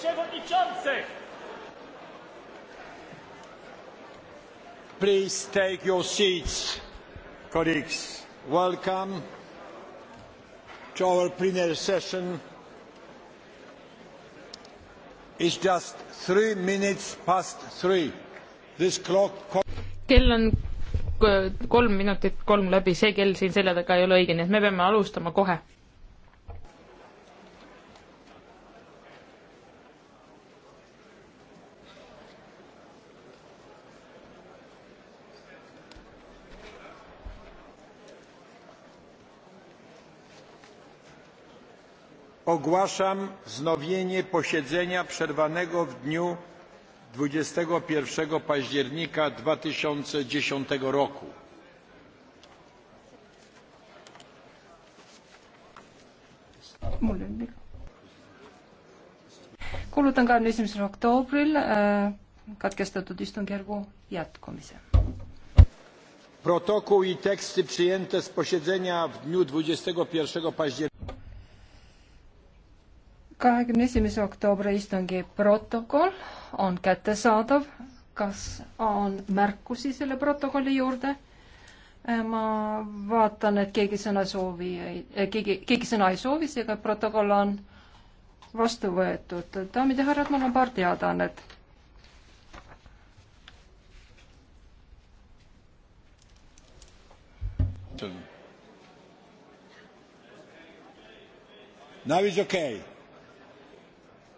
przewodniczący! Please take your seats, colleagues. Welcome to our plenary session. It's just three minutes past three. This clock... Kell on kolm minutit kolm läbi, see kell siin selja taga ei ole õige, nii et me peame alustama kohe. Ogłaszam wznowienie posiedzenia przerwanego w dniu 21 października 2010 roku. kuulutan kahekümne esimesel oktoobril äh, katkestatud istungjärgu jätkumise. protokół i teksty przyjęte z posiedzenia w dniu 21 października kahekümne esimese oktoobri istungi protokoll on kättesaadav. kas on märkusi selle protokolli juurde? Äh, ma vaatan, et keegi sõna soovi ei, äh, keegi, keegi sõna ei soovi, seega protokoll on vastu võetud. daamid ja härrad, mul on paar teadaannet. Now is okay.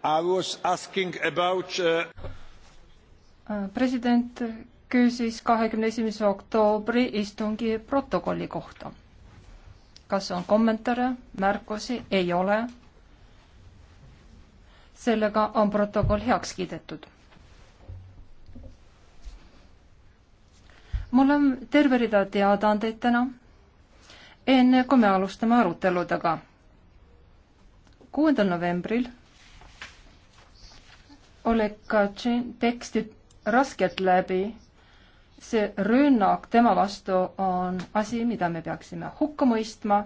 About... Uh, president küsis kahekümne esimese oktoobri istungi protokolli kohta. kas on kommentaare, märkusi? ei ole. sellega on protokoll heaks kiidetud. mul on terve rida teadaandeid täna, enne kui me alustame aruteludega. kuuendal novembril Oleka teksti raskelt läbi. see rünnak tema vastu on asi, mida me peaksime hukka mõistma.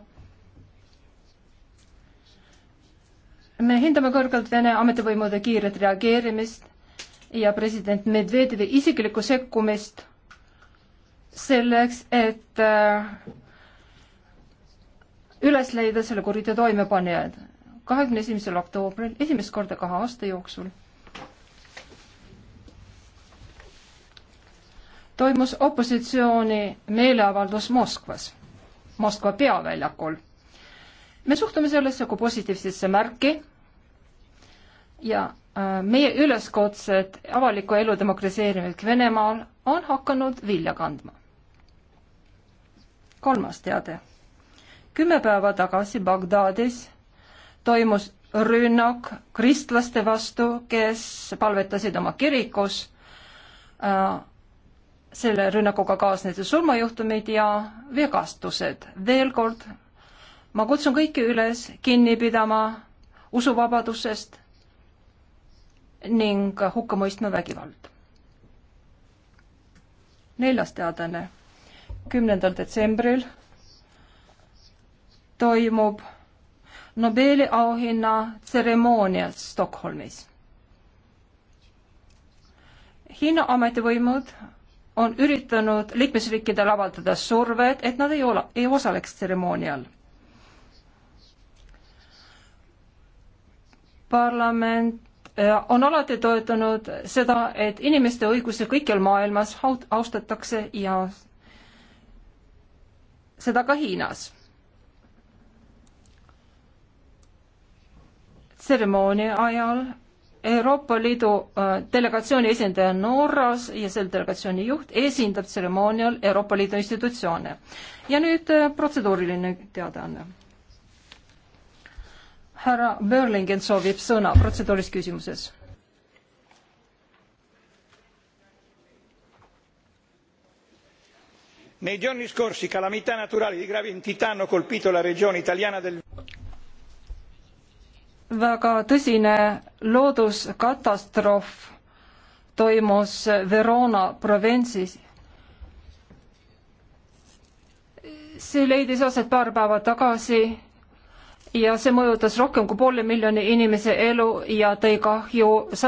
me hindame kõrgelt Vene ametivõimude kiiret reageerimist ja president Medvedjevi isiklikku sekkumist selleks, et äh, üles leida selle kuriteo toimepanijad. kahekümne esimesel oktoobril, esimest korda kahe aasta jooksul toimus opositsiooni meeleavaldus Moskvas, Moskva peaväljakul. me suhtume sellesse kui positiivsesse märki ja äh, meie üleskutsed avaliku elu demokratiseerimiseks Venemaal on hakanud vilja kandma. kolmas teade. kümme päeva tagasi Bagdaadis toimus rünnak kristlaste vastu, kes palvetasid oma kirikus äh, selle rünnakuga kaasnesid surmajuhtumid ja vigastused. veel kord, ma kutsun kõiki üles kinni pidama usuvabadusest ning hukka mõistma vägivald. neljas teadlane. kümnendal detsembril toimub Nobeli auhinna tseremoonia Stockholmis. Hiina ametivõimud on üritanud liikmesriikidele avaldada survet, et nad ei ole, ei osaleks tseremoonial. parlament äh, on alati toetanud seda, et inimeste õigusi kõikjal maailmas austatakse ja seda ka Hiinas. tseremoonia ajal Euroopa Liidu äh, delegatsiooni esindaja Norras ja selle delegatsiooni juht esindab tseremoonial Euroopa Liidu institutsioone. ja nüüd äh, protseduuriline teadaanne. härra Berlingen soovib sõna protseduurilises küsimuses nei giorni scorsi calamità naturali di grave entità hanno colpito la regione italiana del väga tõsine looduskatastroof toimus Verona provintsis. see leidis aset paar päeva tagasi ja see mõjutas rohkem kui poole miljoni inimese elu ja tõi kahju